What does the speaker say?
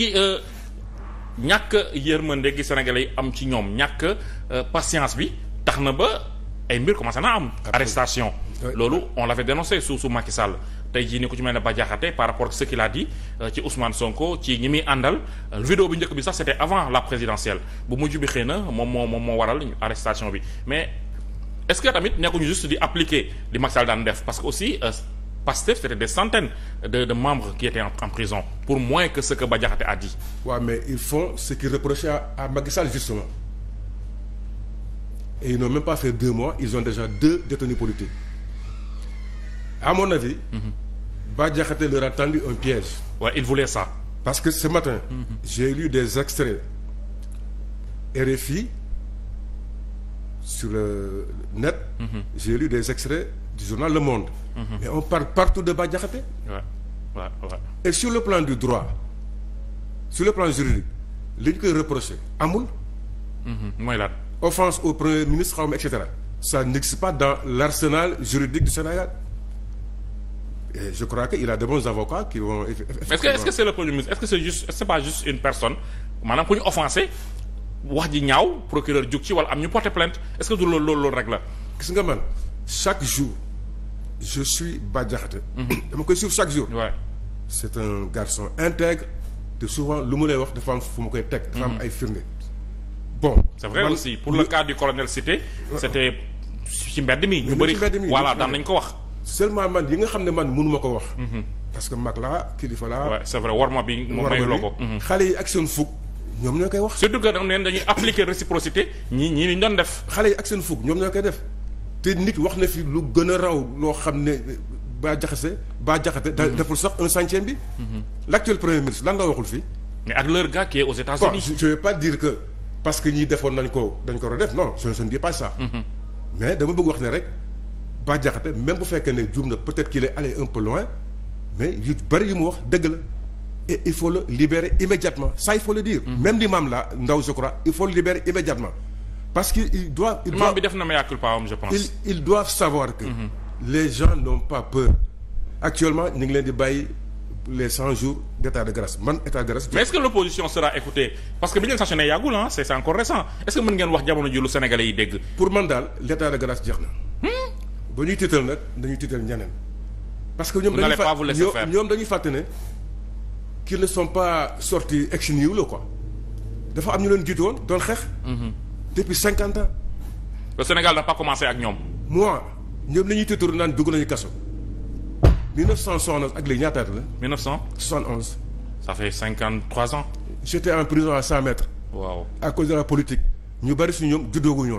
i euh, ñàkk yërmande gi sénégalais yi am ci ñoom ñàkk euh, patience bi tax na ba ay mbir commencé naa am arrestation loolu on l'avait dénoncé sous su Macky Sall tey jii ni ku ci mel ne Bah Diakhaté par rapport ak ce qu'il a dit euh, ci Ousmane Sonko ci ñi muy àndal vidéo bu njëkk bi sax c'était avant la présidentielle bu mujj bi xëy na moom moo moom moo waral arrestation bi mais est-ce nekkuñu juste di appliquer li Macky daan def parce que aussi Pastef c'était des centaines de membres qui étaient en, prison pour moins que ce que Bah Diakhaté a dit. waaw ouais, mais ils font ce qu'ils reprochaient à, à justement et ils n'ont même pas fait deux mois ils ont déjà deux détenus politiques à mon avis. Mm leur a tendu un piège. waaw ouais, il ça. parce que ce matin. Mm -hmm. j'ai lu des extraits RFI sur le net. Mhm. j'ai lu des extraits du journal Le Monde. mais mhm. on parle partout de Bah Diakhaté. sur le plan du droit sur le plan juridique li ñu koy amul. Mhm, mooy lan. offense au premier ministre xaw ma et cetera. ça n'existe pas dans l'arsenal juridique du Sénégal. je crois que il a de bons avocats qui vont. est est-ce que c'est le premier ministre est-ce que c'est pas une personne maanaam ku ñu offensé wax ji ñaaw procureur jug ci wala am ñu porter plainte est-ce que du loolu lool loolu rek la. gis nga man chaque jour. je suis Bah Diakhaté mhm. dama koy suivre chaque jour c'est un garçon intègre te souvent lu mu lay wax dafa am fu mu koy teg dafa am mhm. ay firnde bon c'est vrai man, aussi pour le, cas du colonel Cité c'était ci mbedd mi ñu bëri voilà daan nañ ko wax seulement man yi nga xam ne man mënuma ko wax mhm. parce que mag laa kilifa laa c'est vrai warma bi moom mayuloo ko xale yi ak seen fukk ñoom ñoo koy wax surtout que dañuy appliquer réciprocité ñi ñi te nit wax na fi lu gën a raw loo xam ne baa jaxase baa jaxate deful sax un centième bi mm-hmm. l'actuel premier ministre lan la waxul fi mais ak leur gars qui est aux États-Unis je vais pas dire que parce que ñi defoon nañ ko dañ ko redef non je ne dis pas ça mm-hmm. mais dama bëgg wax ne rek baa jaxate même bu fekkee ne juum na peut-être qu'il est allé un peu loin mais yu bëri yu mu wax dëgg la il faut le libérer immédiatement ça il faut le dire mm-hmm. même l'imam là Ndao je crois faut le libérer immédiatement parce que ils doivent. ils doivent na savoir que. Mhm. les gens n'ont pas peur. actuellement ñu ngi leen di bàyyi les cent jours d' de grâce man état de grâce. mais est ce que l' opposition sera écoutée parce que bi ñu leen sanctionné yàggul ah c' est encore récent est ce que mën ngeen wax jamono ji lu sénégalais yi dégg. pour man daal l' de grâce jeex na. Hmm? ba ñuy tiital nag dañuy tiital ñeneen. parce que ñoom dañuy fa ñoom dañuy fàtte ne. qu'ils ne sont pas sortis ex nihilo dafa am ñu leen jiitu woon doon xeex. Mhm. depuis cinquante ans. le Sénégal n'a pas commencé ak ñoom. moi ñoom la ñuy tëtër naan dugg nañu kaso. 1971 ak léegi ñaata at la. 1971. ça fait 53 ans. j'étais en prison à 100 mètres. waaw à cause de la politique. ñu bari su ñoom juddoo gu ñoon